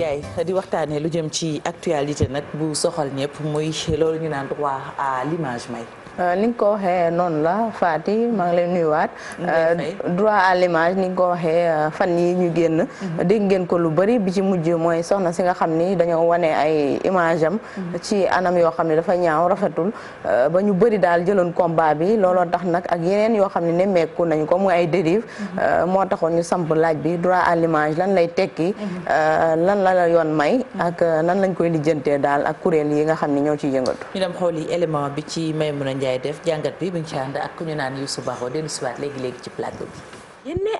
Ndiaye di waxtaanee lu jëm ci actualité nag bu soxal ñëpp muy loolu ñu naan droit à l'image may Euh, ni nga ko waxee noonu la Fati maa ngi lay nuyuwaat. Euh, droit à l'image ni nga ko waxee euh, fan yi ñu génn. Mhm. dégg ngeen ko lu bari bi ci mujj mooy soxna si nga xam ni dañoo wane ay image mhm. ci anam yoo xam ne dafa ñaaw rafetul ba ñu bari daal jëloon combat bi looloo tax nag ak yeneen yoo xam ne nemmeeku nañu ko mu ay dérive mhm. moo taxoon ñu samp laaj bi droit à lan lay tekki. lan la la yoon may. ak nan lañ koy lijjantee daal ak kuréel yi nga xam ne ñoo ci Maymuna Ndiaye def jàngat bi bi ci ànd ak ku naan Youssou Baro dellu siwaat léegi léegi ci plateau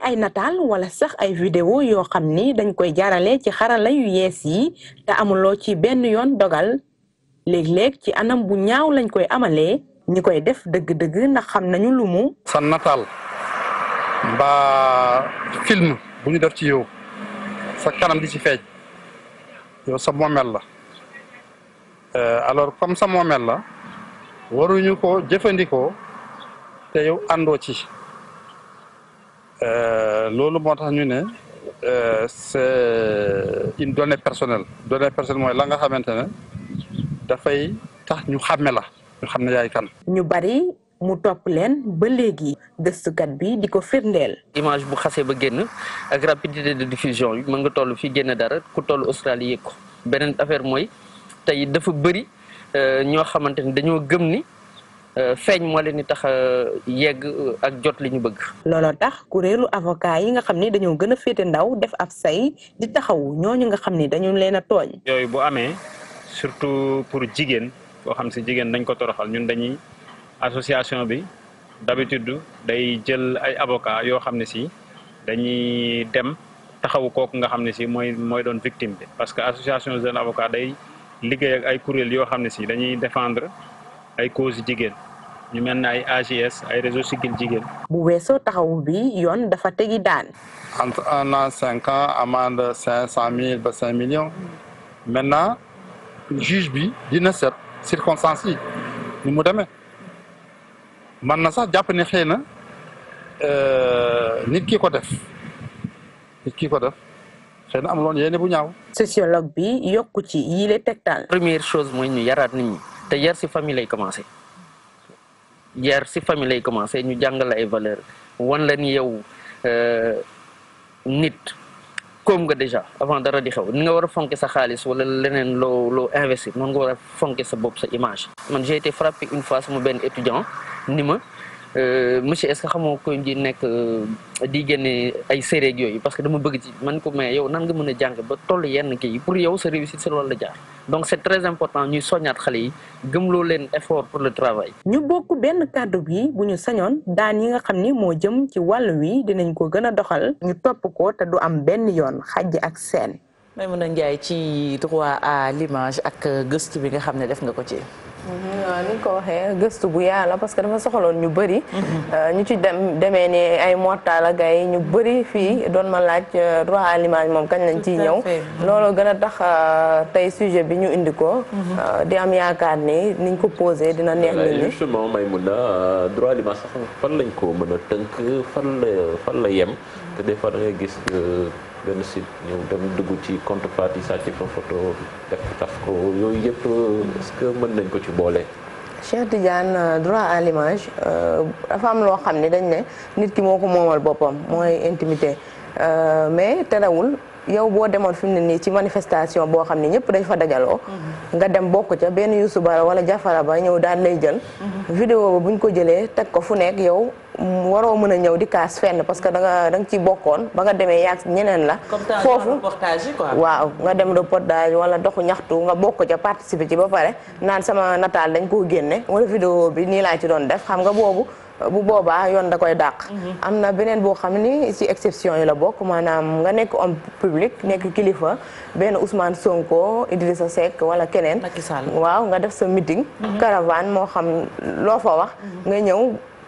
ay nataal wala sax ay vidéo yoo xam ni dañ koy jaarale ci xarala yu yees yi te amuloo ci benn yoon dogal léeg-léeg ci anam bu ñaaw lañ koy amalee ñi koy def dëgg-dëgg ndax xam nañu lu mu sa nataal mbaa film bu def ci yow sa kanam di ci feeñ yow sa moomeel la euh, alors comme sa moomeel la waruñu ko jëfandikoo te yow àndoo ci euh, loolu moo tax ñu ne euh, c'est une donnée personnelle donnée personnelle mooy la nga xamante ne dafay tax ñu xàmme la ñu xam ne yaay kan. ñu bari mu topp leen ba léegi gëstukat bi di ko firndeel. image bu xasee ba génn ak rapidité de diffusion bi mën nga toll fii génn dara ku toll Australie yëg ko beneen affaire mooy. tey dafa bëri euh, ñoo xamante ni dañoo gëm ni euh, feeñ moo leen di tax a yegg euh, ak jot li ñu bëgg. looloo tax kuréelu avocat yi nga xam ni dañoo gën a féete ndaw def ab say di taxawu ñooñu nga xam ni dañu leen a tooñ. yooyu boo amee surtout pour jigéen boo xam si jigéen dañ ko toroxal ñun dañuy association bi d'habitude day jël ay avocat yoo xam ne si dañuy dem taxawu kooku nga xam ne si mooy mooy doon victime bi parce que association jeune avocat day. liggéey ay kuréel yoo xam ne si dañuy défendre ay cause jigéen ñu mel ne ay AGS ay réseau Siggil Jigéen. bu weesoo taxaw bi yoon dafa tegi daan. entre un an cinq ans amende cinq cent mille ba cinq millions maintenant juge bi dina seet circonstances yi ni mu deme man na sax jàpp ne xëy na euh, nit ki ko def nit ki ko def. xëy na amuloon bu ñaaw. sociologue bi yokku ci yile tegtal. première chose mooy ñu yaraat nit ñi te yar si famille lay commencé yar si famille lay commencé ñu jàngale ay valeur wan la ni yow euh, nit koom nga déjà avant dara di xew ni nga war a fonke sa xaalis wala leneen loo loo investir noonu nga war a fonke sa bopp sa image. man j'ai été frappé une fois sama benn étudiant ni Euh, monsieur est-ce que xamoo ko ji nekk euh, di génne ay séeréer yooyu parce que dama bëgg ci man ko mais yow nan nga mën a jàng ba toll yenn kii pour yow sa réussite si loolu la jaar donc c'est très important ñuy soññaat xale yi gëmloo leen effort pour le travail. ñu bokk benn kàddu bi bu ñu sañoon daan ñi nga xam ni moo jëm ci wàll wi dinañ ko gën a doxal. ñu topp ko te du am benn yoon xajj ak seen. Maimouna Ndiaye ci droit à l'image ak euh, gëstu bi nga xam ne def nga ko ci. Euh, ni ko waxee gëstu bu yàlla parce que dafa soxloon ñu bëri. Euh, ñu ci dem demee ni ay mortal ak ay ñu bëri fii doon ma laaj euh, droit à l'image moom kañ lañ ciy ñëw. Mhm. loolu gën a tax tey sujet bi ñu indi ko. Mhm. di am yaakaar ni niñ ko posé dina neex nit ñi. justement Maïmouna droit à l'image sax fan lañ ko mën a tënk fan la la yem mhm. te des fois da gis. benn dem dugg ci contrepartie sàcc fa photo def taf ko yooyu yëpp est mën nañ ko ci boole. Cheikh Tidiane euh, droit à l'image euh, dafa am loo xam ne dañ ne nit ki moo ko moomal boppam mooy intimité euh, mais terewul yow boo demoon fi mu ne nii ci manifestation boo xam ne ñëpp dañ fa dajaloo. Mhm. nga dem bokk ca benn Youssou Bara wala Jafara ba ñëw daan lay jël. Mhm. vidéo ba buñ ko jëlee teg ko fu nekk yow. waroo mën a ñëw di kaas fenn parce que da nga da nga ci bokkoon ba nga demee yaag ñeneen la foofu waaw nga dem reportage wala doxu ñaxtu nga bokk ca participer ci ba pare naan sama nataal dañ koo génne wala vidéo bi nii laa ci doon def xam nga boobu bu boobaa yoon da koy dàq mhm. am na beneen boo xam ni ci exception yi la bokk maanaam nga nekk homme public nekk kilifa benn Ousmane Sonko Idrissa Seck wala keneen waaw nga def sa meeting mhm. caravane moo xam loo fa wax mhm. nga ñëw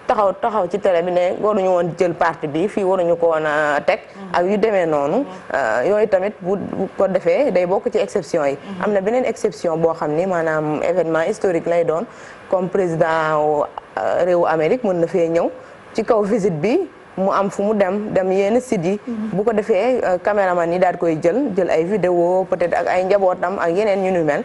taxaw taxaw ci télé bi ne waruñu woon jël parti bi fii waruñu ko woon a teg mhm. ak yu demee noonu mhm. euh, yooyu tamit bu ko defee day bokk ci exception yi mhm. am na beneen exception boo xam ni maanaam événement historique lay doon comme président euh, réewu Amérique mën na fee ñëw ci kaw visite bi mu am fu mu dem dem yenn sites yi. bu ko defee euh, caméraman yi daal koy jël jël ay vidéo peut-être ak ay njabootam ak yeneen ñu nu mel.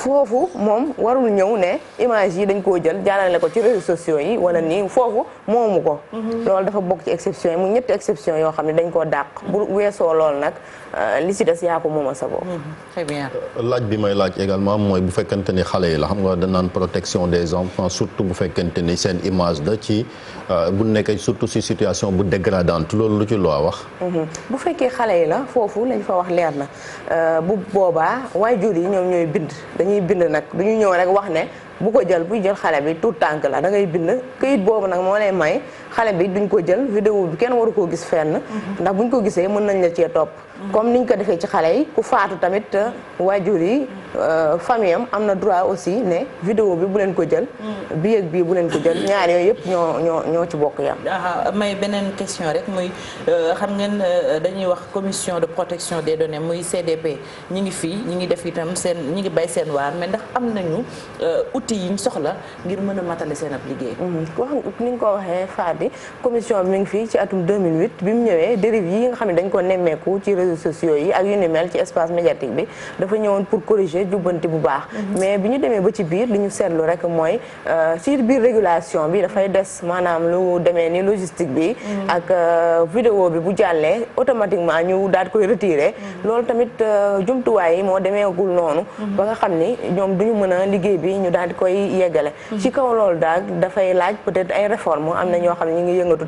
foofu moom warul ñëw ne image yi dañ koo jël jaarale ko ci réseaux sociaux yi wala nii foofu moomu ko mhm. loolu dafa bokk ci exception yi mu ñetti exception yoo xam ne dañ koo dàq bu weesoo loolu nag euh, li si des yaa ko moom a sa bopp mhm. très bien euh, laaj bi may laaj également mooy bu fekkente ni xale yi la xam nga danaan protection des enfants surtout bu fekkente ni seen image da ci euh, bu nekkee surtout si situation bu dégradante loolu lu ci loo wax mhm. bu fekkee xale yi la foofu lañ fa wax leer na bu boobaa waajur yi ñoom ñooy bind dañuy bind nag du ñu ñëw rek wax ne bu ko jël buy jël xale bi tout tànk la da ngay bind këyit boobu nag moo lay may xale bi duñ ko jël vidéo bi kenn waru koo gis fenn mm-hmm. ndax buñ ko gisee mën nañ la cee topp comme niñ ko defee ci xale yi ku faatu tamit euh, waajur yi euh, famille am am na droit aussi ne vidéo bi bu leen ko jël mm. bii ak bii bu leen ko jël ñaar yooyu yëpp ñoo ñoo ñoo ci bokk yam ah, may beneen question rek muy euh, xam ngeen dañuy wax commission de protection des données muy CDP ñi ngi fii ñi ngi def itam seen ñi ngi bay seen waar mais ndax am nañu outils yiñ soxla ngir mën a matale seen ab liggéey mm-hmm. wax ni nga ko waxee Fadi commission bi mi ngi fii ci atum bi mu ñëwee dérive yi nga xam ne dañ ko nemmeeku ci réseaux sociaux yi ak yu ni mel ci espace médiatique bi dafa ñëwoon pour corriger jubbanti bu baax mhm. mais bi ñu demee ba ci biir li ñu seetlu rek mooy ci euh, biir régulation bi dafay des maanaam lu demee ni logistique bi mhm. ak euh, vidéo bi bu jàllee automatiquement ñu daal koy retirer mhm. loolu tamit euh, jumtuwaay yi moo demeegul noonu ba nga xam ni ñoom duñu mën a liggéey bi ñu daal koy yeggale ci kaw loolu daal dafay laaj peut ay réforme am na ñoo xam ne ñu ngi yëngatu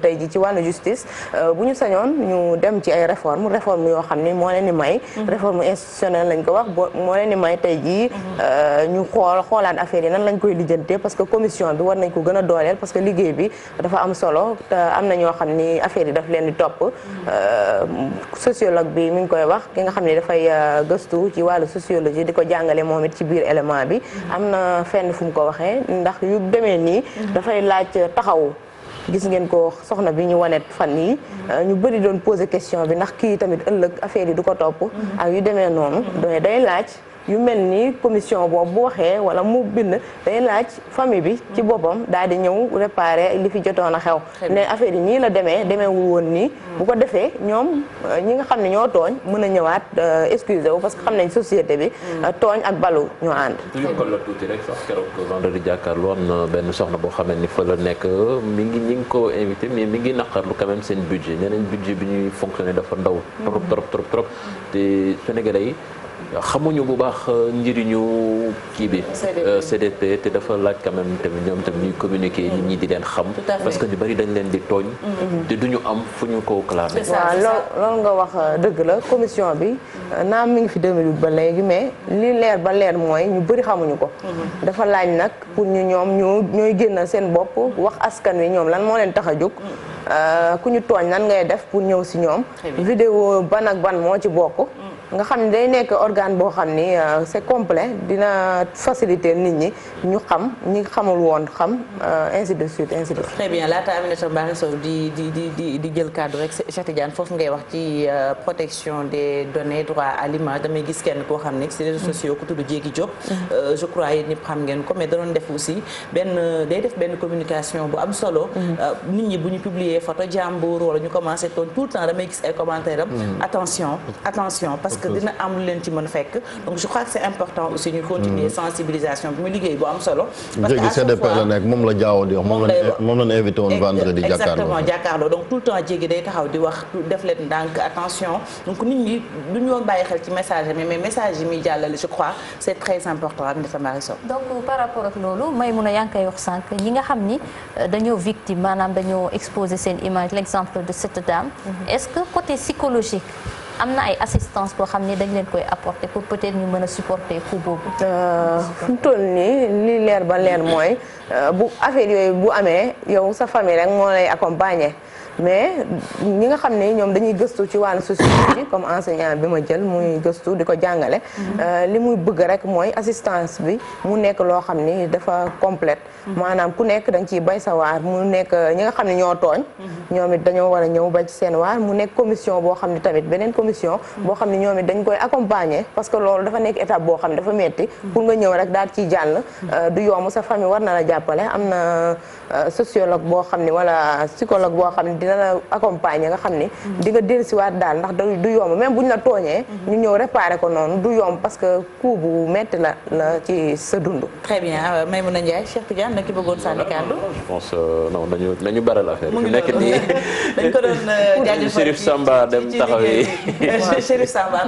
xam ni moo leen may mhm. réforme institutionnelle lañ ko wax moo leen di may tey jii mhm. euh, ñu xool xoolaan affaire yi nan lañ koy lijjantee parce que commission bi war nañ ko gën a dooleel parce que liggéey bi dafa am solo te am na ñoo xam ni affaire yi daf leen di topp mhm. euh, sociologue bi mi ngi koy wax ki nga xam ni dafay euh, gëstu ci wàllu sociologie di ko jàngale moom it ci biir élément bi am na fenn fu mu ko waxee ndax yu demee nii dafay laaj taxaw gis ngeen ko soxna bi ñu wanet fan yi mm-hmm. ñu bëri doon poser question bi ndax kii tamit ëllëg affaire yi du ko topp mm-hmm. ak yu demee noonu mm-hmm. doy day laaj yu mel nii commission boobu bu waxee wala mu bind day laaj famille bi ci mm-hmm. boppam daal di ñëw réparer li fi jotoon a xew ne affaire yi nii la demee demeewul woon nii mm-hmm. bu ko defee ñoom euh, ñi nga xam ne ñoo tooñ mën a ñëwaat euh, excuse wu parce que xam nañ société bi mm-hmm. euh, tooñ ak balu ñoo ànd toujours tuuti rek sax keroog vendredi jàkkaarloo am na benn soxna boo xamee ni fa la nekk mi ngi ñi ngi ko invité mais mi ngi naqarlu quand même seen budget ne nañ budget bi ñuy fonctionner dafa ndaw trop trop trop trop te sénégalais yi xamuñu bu baax euh, njëriñu kii bi. CDP euh, te dafa laaj quand même tamit ñoom tamit ñuy communiquer nit ñi di leen xam. parce que ñu bari dañ leen di tooñ. Mm-hmm. te duñu am fu ñu ko clamer. waaw loolu nga wax euh, dëgg la commission bi. naam mi ngi fi 2008 ba léegi mais li leer ba leer mooy ñu bari xamuñu ko. Mm-hmm. dafa laaj nag pour ñu ñoom ñoo ñooy génn seen bopp wax askan wi ñoom lan moo leen tax a jóg. Mm. ku ñu tooñ lan ngay def pour ñëw si ñoom. vidéo ban ak ban moo ci bokk. nga xam ne day nekk organe boo xam ni euh, c'est complet dina faciliter nit ñi ñu xam ñi xamul woon xam euh, ainsi de suite ainsi de suite. très bien laata Aminata Mbaye Sow di di di jël cadre rek Cheikh Tidiane foofu ngay wax ci euh, protection des données droit à l'image damay gis kenn koo xam ne ci réseaux mm-hmm. sociaux ku tudd Jéegi Diop. Mm-hmm. je crois yéen ñëpp xam ngeen ko mais def aussi benn day def bu am solo. Mm-hmm. nit ñi bu ñu publier photo jàmbur wala ñu commencé toon tout le temps damay gis ay commentaires am. attention attention parce que dina am leen ci mën fekk donc je crois que c'est mm. sensibilisation bi mu liggéey bu am solo parce que moom la jaawoon di vendredi jàkkaarloo donc tout le temps jéegi day taxaw di wax def leen ndànk attention donc nit ñi du ñu bàyyi xel ci message yi message yi muy jàllale je crois c'est très important donc par rapport loolu may mun a yaa ngi koy wax sànq ñi nga xam ni euh, dañoo victime maanaam dañoo exposer seen image l'exemple de cette dame mm-hmm. est-ce am na ay assistance boo xam ne dañ leen koy apporter pour peut-être ñu mën a supporter coût boobu. Euh, fu mu nii li leer ba leer mooy euh, bu affaire yooyu bu amee yow sa famille rek moo lay accompagner. mais ñi nga xam ne ñoom dañuy gëstu ci wàllu société bi comme enseignant bi ma jël muy gëstu di ko jàngale euh, li muy bëgg rek mooy assistance bi mu nekk loo xam ni dafa complète maanaam ku nekk da ciy bay sa mu nekk ñi nga xam ne ñoo tooñ ñoom it dañoo war a ñëw bay ci seen waar mu nekk commission boo xam ne tamit beneen commission boo xam ne ñoom it dañ koy accompagner parce que loolu dafa nekk étape boo xam ne dafa metti pour nga ñëw rek daal ciy jàll euh, du yomb sa famille war na la jàppale am na euh, sociologue boo xam ne wala psychologue boo xam ne dina la accompagner nga xam ni di nga dellusiwaat daal ndax du yomb même bu ñu la tooñee mhm. ñu ñëw réparer ko noonu du yomb parce que coup bu metti la la ci sa dund très bien euh, Maimouna Ndiaye Cheikh Tidiane nag ki bëggoon sànni kàddu je pense euh, non nañu nañu baral affaire mu ngi nekk nii dañ ko doon euh, jaajëfal Chérif Samba dem taxawee Chérif Samba